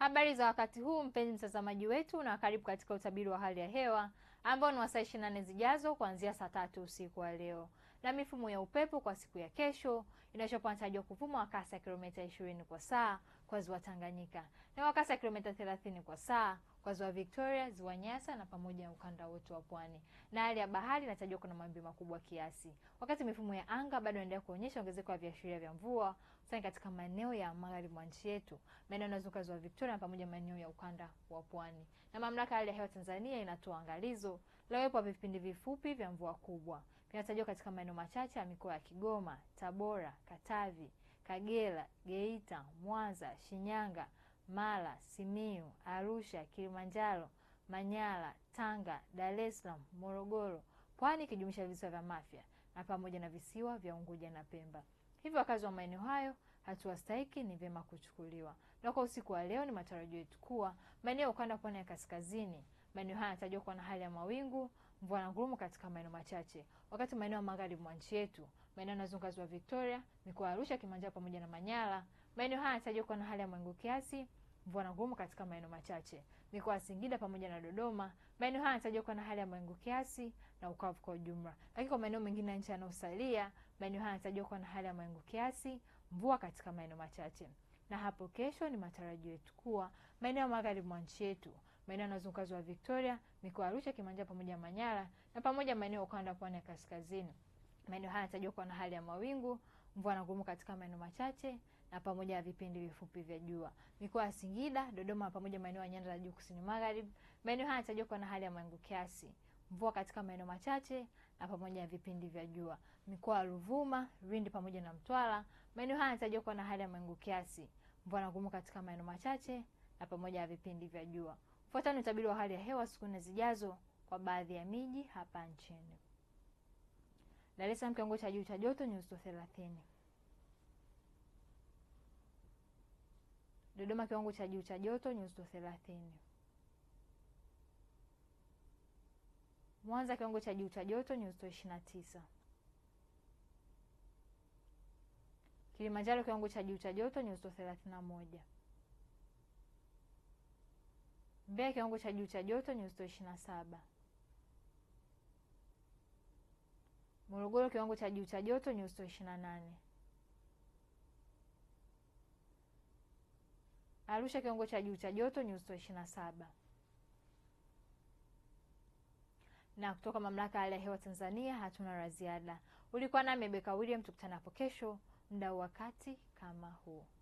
Habari za wakati huu mpenzi mtazamaji wetu, na karibu katika utabiri wa hali ya hewa ambao ni wa saa 24 zijazo kuanzia saa tatu usiku wa leo na mifumo ya upepo kwa siku ya kesho inachopatarajiwa kuvuma kwa kasi ya kilomita 20 kwa saa kwa ziwa Tanganyika na kwa kasi ya kilomita 30 kwa saa kwa ziwa Victoria, ziwa Nyasa na pamoja na ukanda wote wa pwani. Na hali ya bahari inatajwa kuna mawimbi makubwa kiasi. Wakati mifumo ya anga bado inaendelea kuonyesha ongezeko la viashiria vya mvua sana katika maeneo ya magharibi mwa nchi yetu, maeneo yanayozunguka ziwa Victoria na pamoja maeneo ya ukanda wa pwani. Na mamlaka ya hali ya hewa Tanzania inatoa angalizo la uwepo wa vipindi vifupi vya mvua kubwa. Vinatajwa katika maeneo machache ya mikoa ya Kigoma, Tabora, Katavi, Kagera, Geita, Mwanza, Shinyanga, Mara, Simiu, Arusha, Kilimanjaro, Manyara, Tanga, Dar es Salaam, Morogoro, Pwani ikijumuisha visiwa vya Mafia na pamoja na visiwa vya Unguja na Pemba. Hivyo wakazi wa maeneo hayo hatua stahiki ni vyema kuchukuliwa. Na kwa usiku wa leo, ni matarajio yetu kuwa maeneo ya ukanda pwani ya kaskazini, maeneo haya yanatajwa kuwa na hali ya mawingu mvua na ngurumo katika maeneo machache, wakati maeneo ya magharibi mwa nchi yetu, maeneo yanazunguka ziwa Victoria, mikoa ya Arusha, Kilimanjaro pamoja na Manyara, maeneo haya yanatarajiwa kuwa na hali ya mawingu kiasi mvua na ngurumo katika maeneo machache. Mikoa ya Singida pamoja na Dodoma, maeneo haya yanatarajiwa kuwa na hali ya mawingu kiasi na ukavu kwa ujumla. Lakini kwa maeneo mengine ya nchi yanayosalia, maeneo haya yanatarajiwa kuwa na hali ya mawingu kiasi, mvua katika maeneo machache. Na hapo kesho, ni matarajio yetu kuwa maeneo ya magharibi mwa nchi yetu maeneo yanazunguka ziwa Victoria, mikoa ya Arusha, Kilimanjaro pamoja na Manyara na pamoja maeneo ya ukanda pwani ya kaskazini. Maeneo haya yanatajwa kuwa na hali ya mawingu, mvua na ngurumo katika maeneo machache na pamoja na vipindi vifupi vya jua. Mikoa ya Singida, Dodoma pamoja na maeneo ya nyanda za juu kusini magharibi, maeneo haya yanatajwa kuwa na hali ya mawingu kiasi, mvua katika maeneo machache na pamoja na vipindi vya jua. Mikoa ya Ruvuma, Lindi pamoja na Mtwara, maeneo haya yanatajwa kuwa na hali ya mawingu kiasi, mvua na ngurumo katika maeneo machache na pamoja na vipindi vya jua. Fuatani utabiri wa hali ya hewa siku nne zijazo kwa baadhi ya miji hapa nchini. Dar es Salaam kiwango cha juu cha joto nyuzi joto thelathini. Dodoma kiwango cha juu cha joto nyuzi joto thelathini. Mwanza kiwango cha juu cha joto nyuzi joto ishirini na tisa. Kilimanjaro kiwango cha juu cha joto nyuzi joto thelathini na moja mbea kiwango cha juu cha joto nyuzi joto ishirini na saba. Morogoro kiwango cha juu cha joto nyuzi joto ishirini na nane. Arusha kiwango cha juu cha joto nyuzi joto ishirini na saba. Na kutoka Mamlaka ya Hali ya Hewa Tanzania hatuna la ziada. Ulikuwa nami Beka William, tukutana hapo kesho muda wakati kama huu.